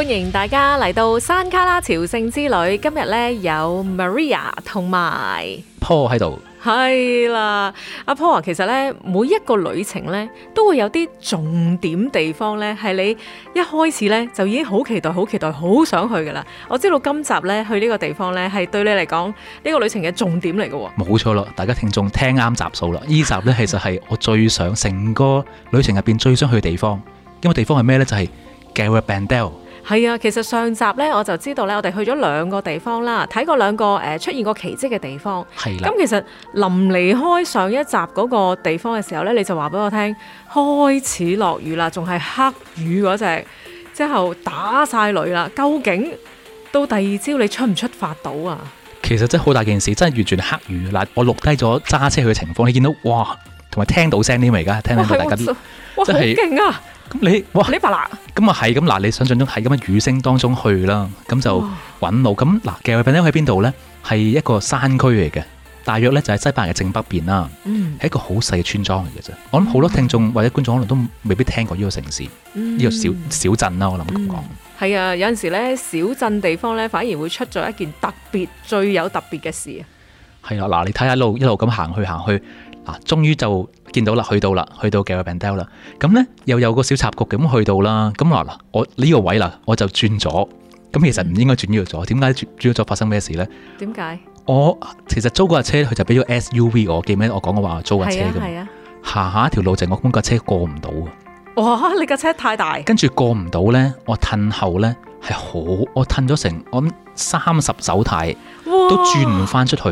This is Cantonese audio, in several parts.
歡迎大家嚟到山旮旯朝聖之旅。今日咧有 Maria 同埋 Paul 喺度，係啦。阿 Paul 啊，其實咧每一個旅程咧都會有啲重點地方咧，係你一開始咧就已經好期待、好期待、好想去噶啦。我知道今集咧去呢個地方咧係對你嚟講呢個旅程嘅重點嚟噶，冇錯咯。大家聽眾聽啱集數啦，呢集咧其實係我最想成個旅程入邊最想去嘅地方。呢個地方係咩咧？就係 Garabandal。係啊， 其實上集呢，我就知道呢，我哋去咗兩個地方啦，睇過兩個誒出現過奇蹟嘅地方。係啦的。咁其實臨離開上一集嗰個地方嘅時候呢，你就話俾我聽開始落雨啦，仲係黑雨嗰隻，之後打晒雷啦。究竟到第二朝你出唔出發到啊？其實真係好大件事，真係完全黑雨嗱，我錄低咗揸車去嘅情況，你見到哇，同埋聽到聲添啊！而家聽到大家，哇，哇，好勁啊！咁你，哇！呢白啦？咁啊係咁嗱，你想象中喺咁樣雨聲當中去啦，咁就搵路。咁嗱、哦，嘅朋友喺邊度咧？係一個山區嚟嘅，大約咧就喺西班牙嘅正北邊啦。嗯，係一個好細嘅村莊嚟嘅啫。我諗好多聽眾或者觀眾可能都未必聽過呢個城市，呢、嗯、個小小，小鎮啦、啊。我諗咁講。係、嗯嗯、啊，有陣時咧，小鎮地方咧反而會出咗一件特別、最有特別嘅事啊。係啊，嗱，你睇下一路一路咁行去行去。嗱，終於就見到啦，去到啦，去到 Garabandal 啦。咁咧又有個小插曲嘅，咁去到啦。咁啊嗱，我呢個位啦，我就轉咗。咁其實唔應該轉呢度咗，點解轉轉咗發生咩事咧？點解？我其實租嗰架車佢就俾咗 SUV 我，記唔記得我講嘅話租架車咁？係啊係啊。下下一條路就我咁架車過唔到啊！哇！你架車太大。跟住過唔到咧，我褪後咧係好，我褪咗成我三十手軚，都轉唔翻出去。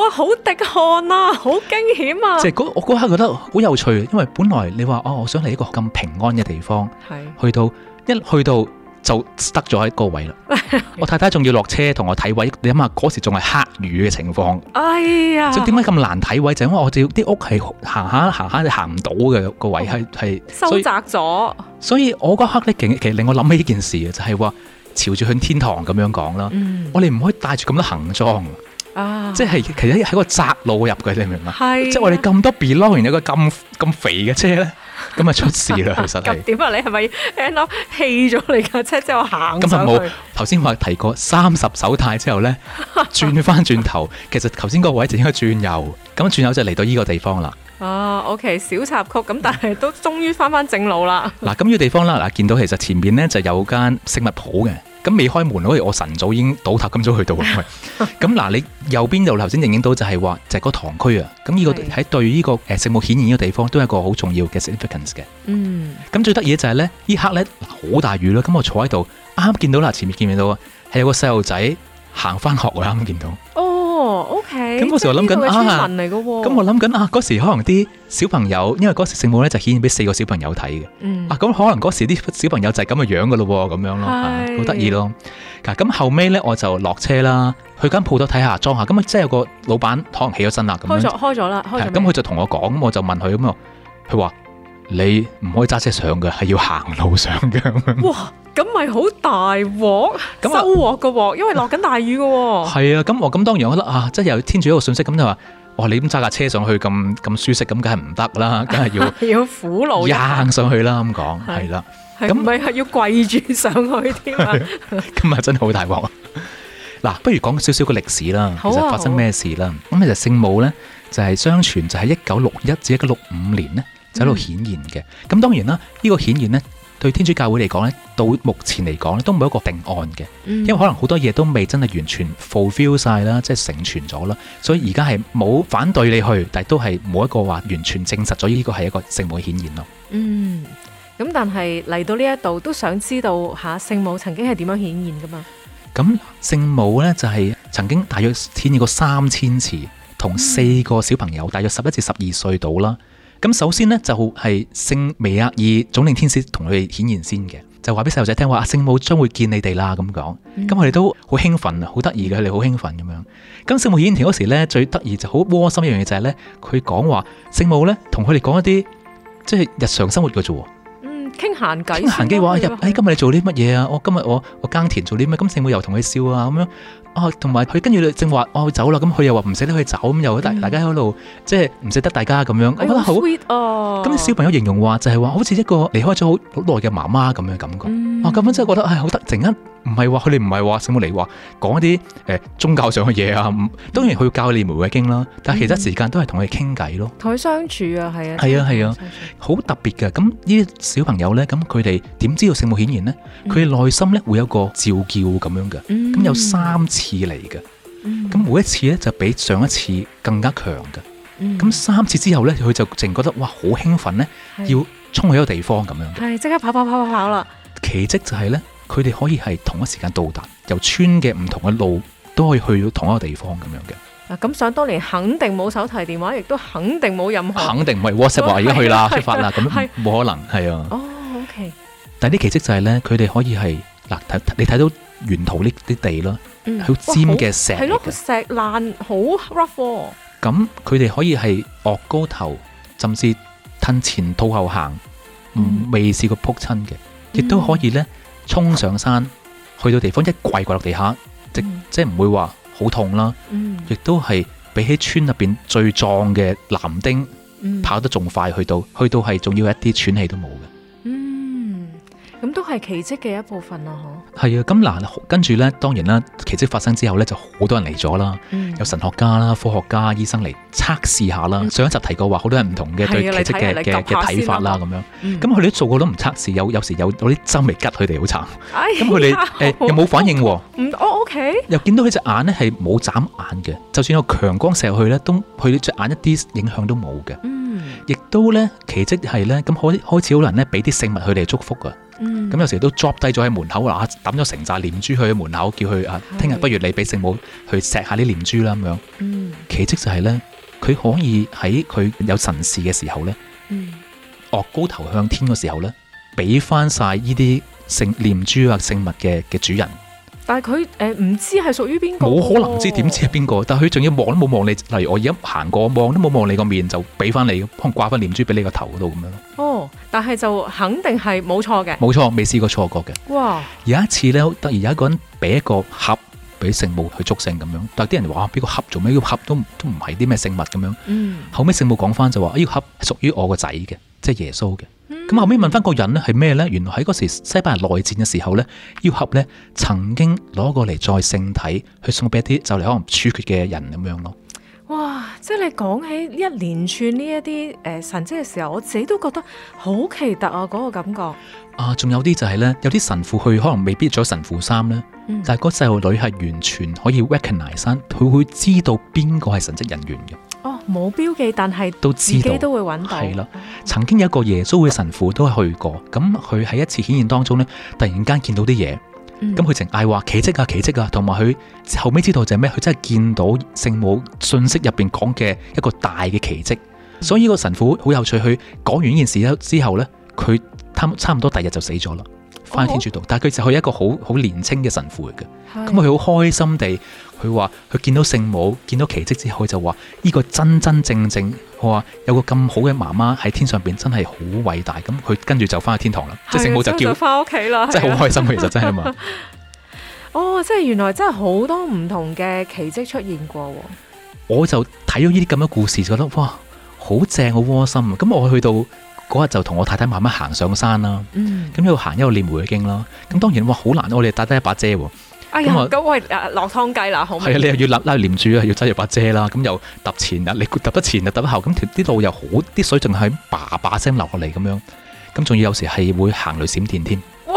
哇！好滴汗啊，好驚險啊！即係我嗰刻覺得好有趣，因為本來你話哦，我想嚟一個咁平安嘅地方，係是去到一去到就得咗喺嗰位啦。 我太太仲要落車同我睇位，你諗下嗰時仲係黑雨嘅情況，哎呀！即係點解咁難睇位？就是、因為我哋啲屋係行下行下行唔到嘅個位係係、喔、收窄咗。所以我嗰刻咧，其其實令我諗起呢件事嘅，就係、是、話朝住向天堂咁樣講啦。嗯、我哋唔可以帶住咁多行裝。啊即！即係其實喺個窄路入嘅，你明唔明？是啊、即係我哋咁多 below 有個咁咁肥嘅車咧，咁啊出事啦！其實係點啊？你係咪 plan 棄咗你架車之後行？咁啊冇頭先話提過三十手帶之後咧，轉翻轉頭， 其實頭先個位就應該轉右，咁轉右就嚟到呢個地方啦。啊，OK，小插曲，咁但係都終於翻翻正路啦。嗱、 啊，咁呢個地方啦，嗱，見到其實前邊咧就是、有間食物鋪嘅。咁未開門，所以我晨早已經倒塌，咁早去到。咁嗱，你右邊就頭先映到就係話就係個堂區啊。咁呢個喺對呢個誒聖母顯現嘅地方都係一個好重要嘅 significance 嘅。嗯。咁最得意嘅就係咧，呢刻咧好大雨啦。咁我坐喺度啱啱見到啦，前面見唔見到啊？係有個細路仔行翻學，我啱啱見到。哦，OK。咁嗰時我諗緊啊，咁我諗緊啊，嗰時可能啲小朋友，因為嗰時聖母咧就顯現俾四個小朋友睇嘅，嗯、啊，咁可能嗰時啲小朋友就係咁嘅樣噶咯，咁樣咯，好得意咯。嗱、啊、咁、啊、後尾咧我就落車啦，去間鋪頭睇下裝下，咁啊即係有個老闆可能起咗身啦，咁開咗開咗啦，咁佢、啊、就同我講，咁我就問佢，咁啊，佢話。你唔可以揸車上嘅，係要行路上嘅。哇，咁咪好大鑊，收鑊嘅，因為落緊大雨嘅。係啊，咁我咁當然覺得啊，即係又天主一個信息，咁就話，哇，你咁揸架車上去咁咁舒適，咁梗係唔得啦，梗係要要苦路，掗上去啦。咁講係啦，咁咪係要跪住上去添啊？咁啊真係好大鑊。嗱，不如講少少嘅歷史啦，其實發生咩事啦？咁其實就聖母咧就係相傳就喺一九六一至一九六五年咧，就喺度顯現嘅，咁當然啦，呢、這個顯現呢，對天主教會嚟講咧，到目前嚟講咧都冇一個定案嘅，嗯、因為可能好多嘢都未真係完全 fulfill 曬啦，即係成全咗啦，所以而家係冇反對你去，但係都係冇一個話完全證實咗呢個係一個聖母嘅顯現咯。嗯，咁但係嚟到呢一度都想知道下、啊、聖母曾經係點樣顯現噶嘛？咁聖母呢，就係、是、曾經大約顯現過三千次，同四個小朋友，嗯、大約十一至十二歲到啦。咁首先呢，就係、是、聖米厄爾總領天使同佢哋顯現先嘅，就話俾細路仔聽話，聖母將會見你哋啦咁講，咁佢哋都好興奮啊，好得意嘅，佢哋好興奮咁樣。咁聖母顯現嗰時呢，最得意就好窩心一樣嘢就係呢，佢講話，聖母呢，同佢哋講一啲即係日常生活嘅啫，嗯，傾閒偈，傾閒偈話，哎今日你做啲乜嘢啊？今我今日我我耕田做啲乜？咁聖母又同佢笑啊咁樣。哦，同埋佢跟住正話，我、哦、走啦，咁佢又話唔捨得佢走，咁又大大家喺度、嗯、即係唔捨得大家咁樣，哎、呦我覺得好 sweet。咁啲寶小朋友形容話就係話，好似一個離開咗好好耐嘅媽媽咁樣嘅感覺。哇、嗯哦，咁樣真係覺得係好得意啊！哎唔係話佢哋唔係話聖母嚟，話講一啲誒宗教上嘅嘢啊，當然佢教你玫瑰經啦，但係其他時間都係同佢傾偈咯，同佢、嗯、相處啊，係的啊，係啊係啊，好特別噶。咁呢啲小朋友咧，咁佢哋點知道聖母顯現咧？佢內、嗯、心咧會有個召叫咁樣嘅，咁、嗯、有三次嚟嘅，咁、嗯、每一次咧就比上一次更加強嘅。咁、嗯、三次之後咧，佢就淨覺得哇好興奮咧，要衝去一個地方咁樣，係即刻跑跑跑跑跑啦。奇蹟就係咧。佢哋可以係同一時間到達，由村嘅唔同嘅路都可以去到同一個地方咁樣嘅。嗱，咁想當年肯定冇手提電話，亦都肯定冇任何，肯定唔係 WhatsApp 話而家去啦出發啦，咁冇可能，係啊。哦，OK。但係啲奇蹟就係咧，佢哋可以係嗱，你睇到沿途呢啲地咯，好尖嘅石，係咯，石爛好 rough。咁佢哋可以係岳高頭，甚至吞前吐後行，唔未試過仆親嘅，亦都可以咧。衝上山，去到地方一跪，跪跪落地下，即、嗯、即唔會話好痛啦，嗯、亦都係比起村入邊最壯嘅男丁、嗯、跑得仲快去，去到去到係仲要一啲喘氣都冇嘅。咁都係奇蹟嘅一部分囉！嗬，係啊，咁嗱，跟住咧，當然啦，奇蹟發生之後咧，就好多人嚟咗啦，有神學家啦、科學家、醫生嚟測試下啦。上一集提過話，好多人唔同嘅對奇蹟嘅嘅嘅睇法啦，咁樣。咁佢哋做過都唔測試，有有時有啲針嚟拮佢哋好慘。咁佢哋誒又冇反應喎。唔，我 OK。又見到佢隻眼咧係冇眨眼嘅，就算有強光射入去咧，都佢隻眼一啲影響都冇嘅。亦都咧奇蹟係咧，咁開開始好多人咧俾啲聖物佢哋祝福啊！咁有時都 drop 低咗喺門口啊，抌咗成紮念珠去門口，叫佢啊，聽日不如你俾聖母去錫下啲念珠啦咁樣。嗯、奇蹟就係、是、咧，佢可以喺佢有神事嘅時候咧，昂、嗯、高頭向天嘅時候咧，俾翻晒呢啲聖念珠呀聖物嘅嘅主人。但係佢誒唔知係屬於邊個？冇可能知點知係邊個？但係佢仲要望都冇望你，例如我而家行過望都冇望你個面就俾翻你，可能掛翻念珠俾你個頭度咁樣咯。哦，但係就肯定係冇錯嘅。冇錯，未試過錯覺嘅。哇！有一次咧，突然有一個人俾一個盒俾聖母去捉聖咁樣，但係啲人話俾個盒做咩？個盒都都唔係啲咩聖物咁樣。嗯。後尾聖母講翻就話：呢個盒屬於我個仔嘅，即係耶穌嘅。咁、嗯、後尾問翻個人咧係咩咧？原來喺嗰時西班牙內戰嘅時候咧，要合咧曾經攞過嚟再聖體去送俾一啲就嚟可能處決嘅人咁樣咯。哇！即係你講起一連串呢一啲誒神跡嘅時候，我自己都覺得好奇特啊嗰、那個感覺。啊，仲有啲就係咧，有啲神父去可能未必着神父衫咧，嗯、但係嗰細路女係完全可以 recognize，佢會知道邊個係神職人員嘅。冇標記，但係自己都會揾到，都知道係咯。曾經有一個耶穌會神父都去過，咁佢喺一次顯現當中呢，突然間見到啲嘢，咁佢淨係話奇蹟啊，奇蹟啊，同埋佢後尾知道就係咩？佢真係見到聖母信息入邊講嘅一個大嘅奇蹟，所以個神父好有趣，去講完呢件事之後呢，佢差差唔多第日就死咗啦。翻喺天主道，但係佢就係一個好好年青嘅神父嚟嘅，咁佢好開心地，佢話佢見到聖母見到奇蹟之後，佢就話呢個真真正正，佢話有個咁好嘅媽媽喺天上邊，真係好偉大，咁佢跟住就翻去天堂啦，的即係聖母就叫翻屋企啦，即係好開心其實真係嘛？哦，即係原來真係好多唔同嘅奇蹟出現過，我就睇咗呢啲咁嘅故事，就覺得哇，好正，好窩心，咁我去到。嗰日就同我太太慢慢行上山啦，咁一路行一路念玫瑰經啦。咁當然哇，好難，我哋帶得一把遮喎。哎呀呦，咁就喂，落湯雞啦，係啊，你又要拉拉住啊，要揸住把遮啦，咁又揼前啊，你揼得前就揼得後，咁條啲路又好，啲水仲係叭叭聲流落嚟咁樣，咁仲要有時係會行雷閃電添。哇！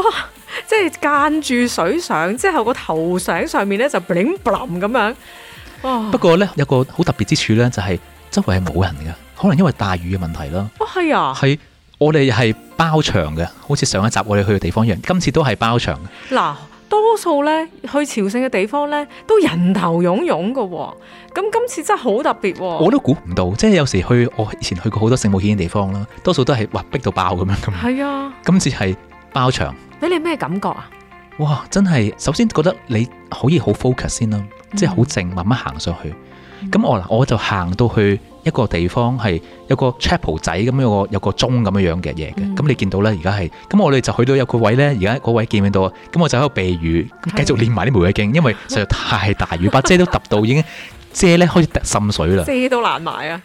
即係間住水上，之後個頭上上面咧就 bling bling 咁樣。哇！不過咧有個好特別之處咧，就係、是、周圍係冇人噶。可能因為大雨嘅問題啦，係啊，係、啊、我哋係包場嘅，好似上一集我哋去嘅地方一樣，今次都係包場嘅。嗱，多數呢去朝聖嘅地方呢，都人頭湧湧嘅，咁今次真係好特別、哦。我都估唔到，即係有時去，我以前去過好多聖母顯嘅地方啦，多數都係哇，逼到爆咁樣，係啊。今次係包場，俾你咩感覺啊？哇，真係，首先覺得你可以好 focus 先啦、啊，即係好靜，嗯、慢慢行上去。咁、嗯、我我就行到去。到一個地方係有個 chapel 仔，咁有個有個鐘，咁樣樣嘅嘢嘅，咁、嗯、你見到咧而家係，咁我哋就去到有個位咧，而家嗰位見唔見到啊？咁我就喺度避雨，繼續練埋啲玫瑰經，因為實在太大雨，把遮 都揼到已經遮咧開始滲水啦。遮都爛埋啊！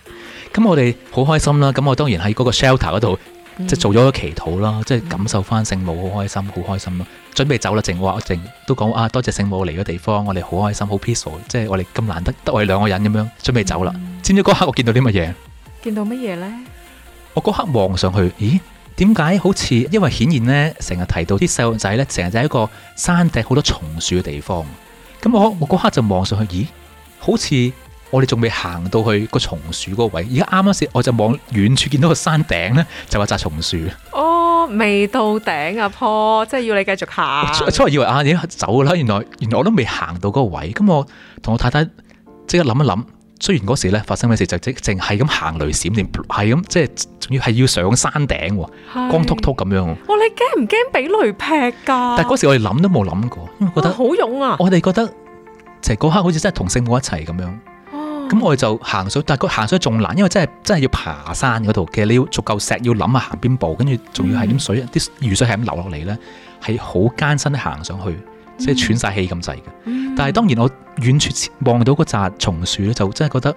咁我哋好開心啦，咁我當然喺嗰個 shelter 嗰度。嗯、即係做咗個祈禱啦，嗯、即係感受翻聖母好開心，好開心啦，準備走啦，淨話淨都講啊，多謝聖母嚟嘅地方，我哋好開心，好 peaceful，即係我哋咁難得得我哋兩個人咁樣準備走啦。嗯、知唔知嗰刻我見到啲乜嘢？見到乜嘢呢？我嗰刻望上去，咦？點解好似，因為顯然呢，成日提到啲細路仔呢，成日就喺個山頂好多松樹嘅地方。咁我我嗰刻就望上去，咦？好似。我哋仲未行到去個松樹嗰個位，而家啱啱時，我就望遠處見到個山頂咧，就係、是、扎松樹。哦，未到頂啊，坡，即係要你繼續行。初初以為啊，已經走噶啦，原來原來我都未行到嗰個位。咁我同我太太即刻諗一諗，雖然嗰時咧發生咩事就，就即係淨係咁行雷閃電，係咁即係仲要係要上山頂，是光禿禿咁樣。哇、哦，你驚唔驚俾雷劈噶、啊？但係嗰時我哋諗都冇諗過，因為覺得、哦、好勇啊。我哋覺得，其實嗰刻好似真係同聖母一齊咁樣。咁我哋就行水，但係個行水仲難，因為真係真係要爬山嗰度。其實你要足夠石，要諗下行邊步，跟住仲要係啲水，啲雨水、嗯、係咁流落嚟咧，係好艱辛行上去，即係、嗯、喘晒氣咁滯嘅。但係當然我遠處望到嗰扎松樹咧，就真係覺得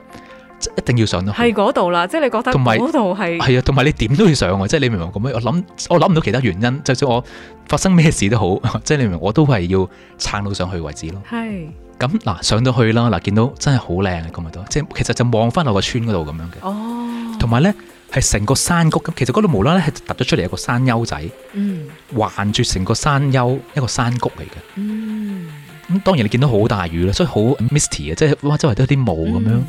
一定要上到。係嗰度啦，即係你覺得嗰度係係啊，同埋你點都要上啊，即係你明唔明咁咩？我諗我諗唔到其他原因，就算我發生咩事都好，即係你明我都係要撐到上去為止咯。係。咁嗱，上到去啦，嗱，見到真係好靚嘅咁啊！到即係其實就望翻落個村嗰度咁樣嘅，同埋咧係成個山谷咁。其實嗰度無啦啦係突咗出嚟一個山丘仔，嗯、環住成個山丘一個山谷嚟嘅。咁、嗯、當然你見到好大雨啦，所以好 misty 啊。即係哇周圍都有啲霧咁樣，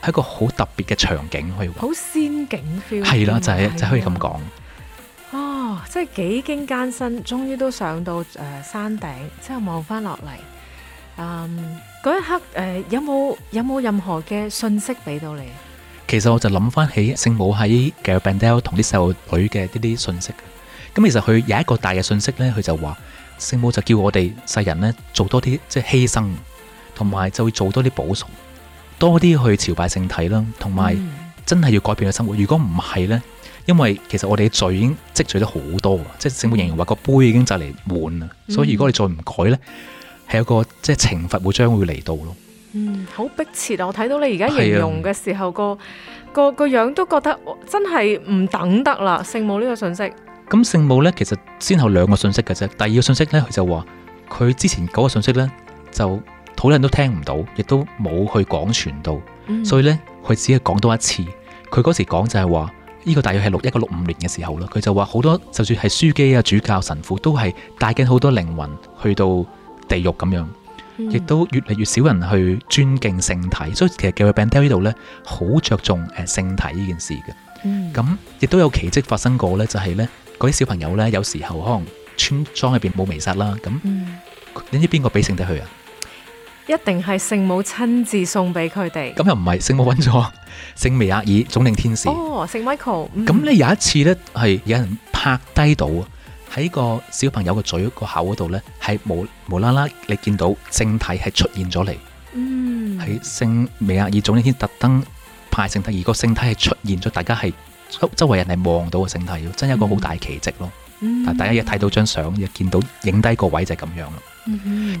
係一個好特別嘅場景可以。好仙境 feel 係啦，就係、是、的就可以咁講。哦，即係幾經艱辛，終於都上到誒、呃、山頂，之後望翻落嚟。嗰、um, 一刻，誒、呃，有冇有冇任何嘅信息俾到你？其實我就諗翻起聖母喺 Garabandal 同啲細路女嘅啲啲信息，咁其實佢有一個大嘅信息咧，佢就話聖母就叫我哋世人咧做多啲即係犧牲，同埋就會做多啲補贖，多啲去朝拜聖體啦，同埋真係要改變嘅生活。如果唔係咧，因為其實我哋嘅罪已經積聚咗好多，即係聖母仍然話個杯已經就嚟滿啦，嗯、所以如果你再唔改咧。係有個即係懲罰會將會嚟到咯。嗯，好逼切啊！我睇到你而家形容嘅時候，啊、個個個樣都覺得真係唔等得啦。聖母呢個信息，咁、嗯、聖母呢？其實先後兩個信息嘅啫。第二個信息呢，佢就話佢之前嗰個信息呢，就討論都聽唔到，亦都冇去廣傳到。嗯、所以呢，佢只係講多一次。佢嗰時講就係話，呢、這個大約係六一個六五年嘅時候啦。佢就話好多，就算係樞機啊、主教、神父都係帶緊好多靈魂去到地獄咁樣，亦都越嚟越少人去尊敬聖體，所以其實 Garabandal 呢度咧，好着重誒聖體呢件事嘅。咁亦都有奇蹟發生過咧，就係咧嗰啲小朋友咧，有時候可能村莊入邊冇彌撒啦，咁唔知邊個俾聖體去啊？一定係聖母親自送俾佢哋。咁又唔係聖母揾咗聖彌額爾總領天使哦，聖 Michael。咁咧有一次咧，係有人拍低到啊。喺個小朋友個嘴個口嗰度咧，係無無啦啦，你見到聖體係出現咗嚟，喺、嗯、聖米亞爾總領先特登派聖體，而個聖體係出現咗，大家係周周圍人係望到個聖體，真係一個好大奇跡咯。嗯、但大家一睇到張相，一見到影低個位就係咁樣啦。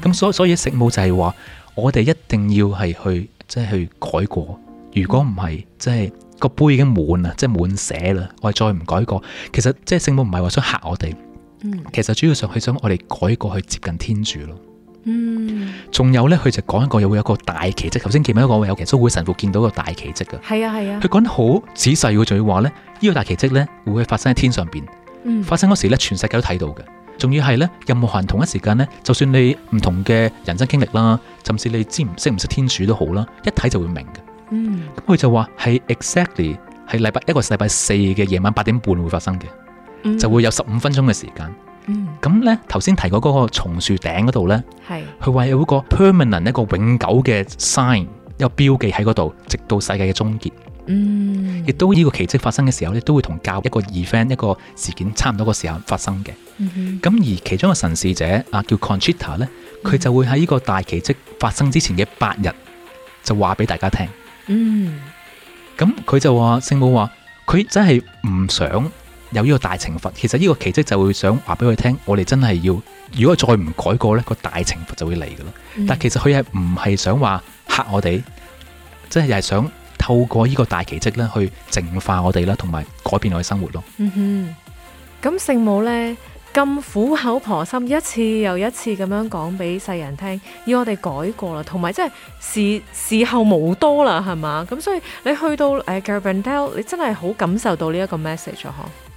咁、嗯、所以所以聖母就係話，我哋一定要係去即係、就是、去改過。如果唔係，即係個杯已經滿啦，即、就、係、是、滿瀉啦。我哋再唔改過，其實即係聖母唔係話想嚇我哋。嗯、其實主要上佢想我哋改過去接近天主咯。嗯，仲有咧，佢就講一個又會有個大奇蹟。頭先見到一個有耶穌會神父見到一個大奇蹟噶係啊係啊。佢講、啊、得好仔細，佢仲要話咧，呢、這個大奇蹟咧會係發生喺天上邊。嗯，發生嗰時咧全世界都睇到嘅，仲要係咧任何人同一時間咧，就算你唔同嘅人生經歷啦，甚至你知唔識唔識天主都好啦，一睇就會明嘅。嗯，咁佢就話係 exactly 係禮拜一個禮拜四嘅夜晚八點半會發生嘅。Mm hmm. 就會有十五分鐘嘅時間。咁、mm hmm. 呢，頭先提過嗰個松樹頂嗰度呢，係佢話有嗰個 permanent 一個永久嘅 sign 一個標記喺嗰度，直到世界嘅終結。嗯、mm，亦、hmm. 都呢、這個奇蹟發生嘅時候呢，都會同教育一個 event 一個事件差唔多個時候發生嘅。咁、mm hmm. 而其中嘅神事者啊，叫 Conchita 呢，佢就會喺呢個大奇蹟發生之前嘅八日，就話俾大家聽。Mm hmm. 嗯，咁佢就話聖母話佢真係唔想。有呢個大懲罰，其實呢個奇蹟就會想話俾佢聽，我哋真係要，如果再唔改過呢、個大懲罰就會嚟噶啦。但其實佢係唔係想話嚇我哋，即係又係想透過呢個大奇蹟咧去淨化我哋啦，同埋改變我哋生活咯。咁聖、嗯、母呢，咁苦口婆心，一次又一次咁樣講俾世人聽，要我哋改過啦，同埋即係時、時候無多啦，係嘛？咁所以你去到誒 Garabandal，你真係好感受到呢一個 message。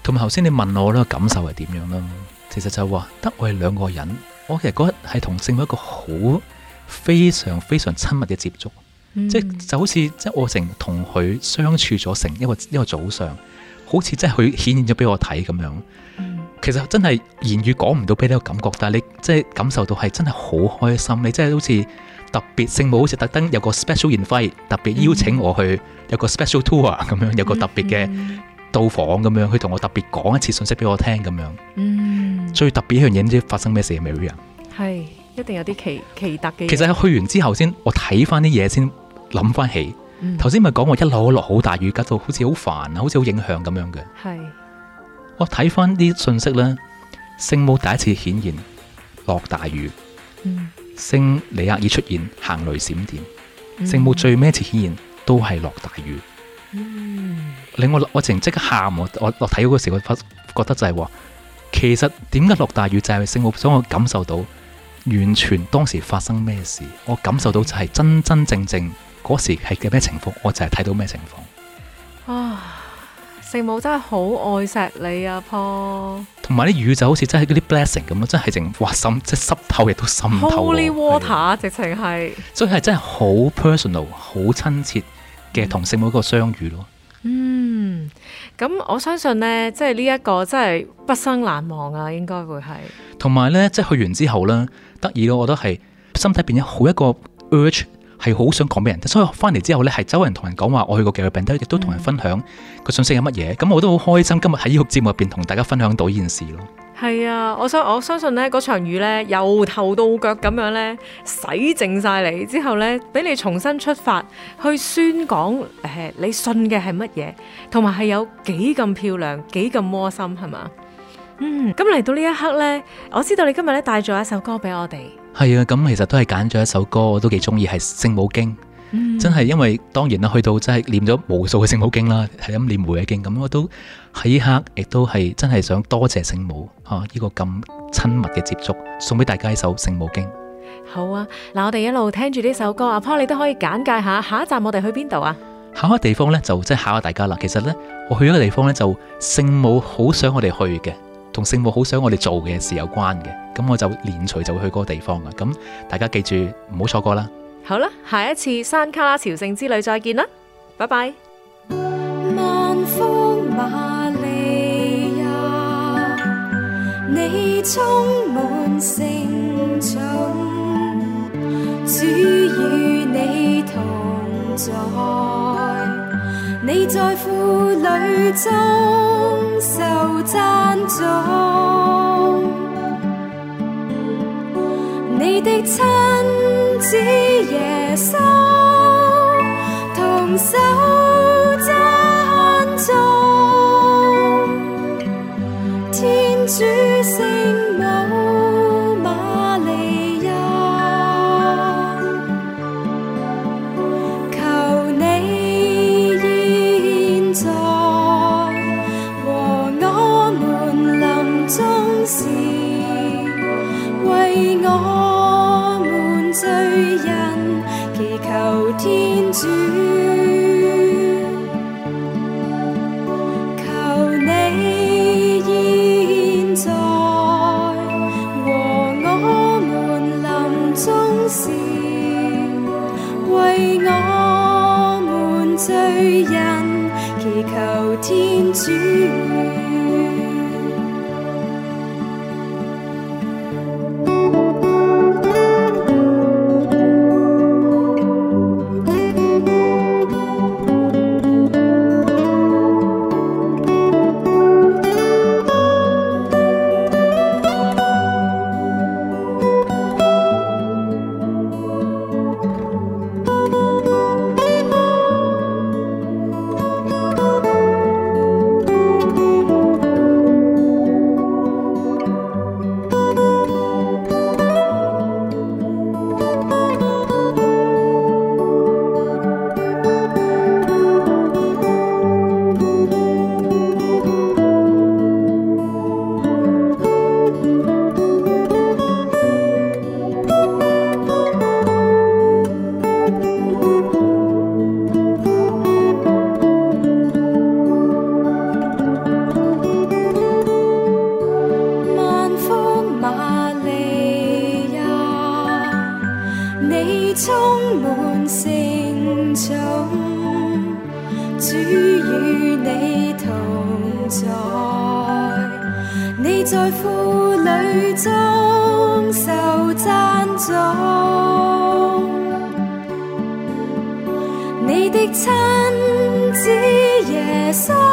同埋頭先你問我呢個感受係點樣啦？其實就話、係、得我係兩個人，我其實覺得係同聖母一個好非常非常親密嘅接觸、嗯，即係就好似即係我成同佢相處咗成一個一個早上，好似即係佢顯現咗俾我睇咁樣。其實真係言語講唔到俾你個感覺，但係你即係感受到係真係好開心，你真係好似特別聖母好似特登有個 special invite，特別邀請我去、嗯、有個 special tour 咁樣，有個特別嘅。嗯嗯到訪咁樣，佢同我特別講一次信息俾我聽咁樣。嗯，最特別一樣嘢，唔知發生咩事啊，Maria 啊，係一定有啲奇奇特嘅。其實去完之後先，我睇翻啲嘢先，諗翻起，頭先咪講我一路落好大雨，搞到好似好煩，好似好影響咁樣嘅。係是，我睇翻啲信息咧，聖母第一次顯現落大雨，聖、嗯、尼亞爾出現行雷閃電，聖母最尾一次顯現都係落大雨。嗯。嗯令我我情即刻喊，我落睇嗰個時，我發覺得就係，其實點解落大雨就係聖母，想我感受到完全當時發生咩事。我感受到就係真真正正嗰時係嘅咩情況，我就係睇到咩情況。啊！聖母真係好愛錫你啊 Paul，同埋啲雨就好似真係嗰啲 blessing 咁咯，真係淨哇滲，即濕透亦都滲透。Holy water，是直情係。所以係真係好 personal、好親切嘅同聖母一個相遇咯。嗯嗯，咁我相信咧，即係呢一個真係畢生難忘啊，應該會係。同埋咧，即係去完之後咧，得意咯，我覺得係心底邊有好一個 urge。係好想講俾人，所以翻嚟之後呢，係周圍同人講話，我去過加拿賓道，亦都同人分享個信息係乜嘢。咁、嗯、我都好開心今日喺呢個節目入邊同大家分享到呢件事咯。係啊，我相我相信呢嗰場雨呢，由頭到腳咁樣呢，洗淨晒你之後呢，俾你重新出發去宣講誒、哎，你信嘅係乜嘢，同埋係有幾咁漂亮，幾咁窩心，係嘛？嗯，咁嚟到呢一刻咧，我知道你今日咧帶咗一首歌俾我哋。係啊，咁其實都係揀咗一首歌，我都幾中意，係《聖母經》，真係因為當然啦，去到真係念咗無數嘅《聖母經》啦，係咁念玫瑰經，咁我都喺呢刻亦都係真係想多謝聖母啊，呢個咁親密嘅接觸，送俾大家一首《聖母經》。好啊，嗱，我哋一路聽住呢首歌，阿 Po 你都可以簡介下下一站我哋去邊度啊？下一個地方咧，就即係考下大家啦。其實咧，我去一個地方咧，就聖母好想我哋去嘅。同聖母好想我哋做嘅事有關嘅，咁我就連隨就會去嗰個地方嘅，咁大家記住唔好錯過啦。好啦，下一次山旮旯朝聖之旅再見啦，拜拜。萬福瑪利亞，你充滿聖寵，主與你同在。你在婦女中受讚頌，你的親子耶穌同守。為我們罪人祈求天主。在婦女中受讚頌，你的親子耶穌。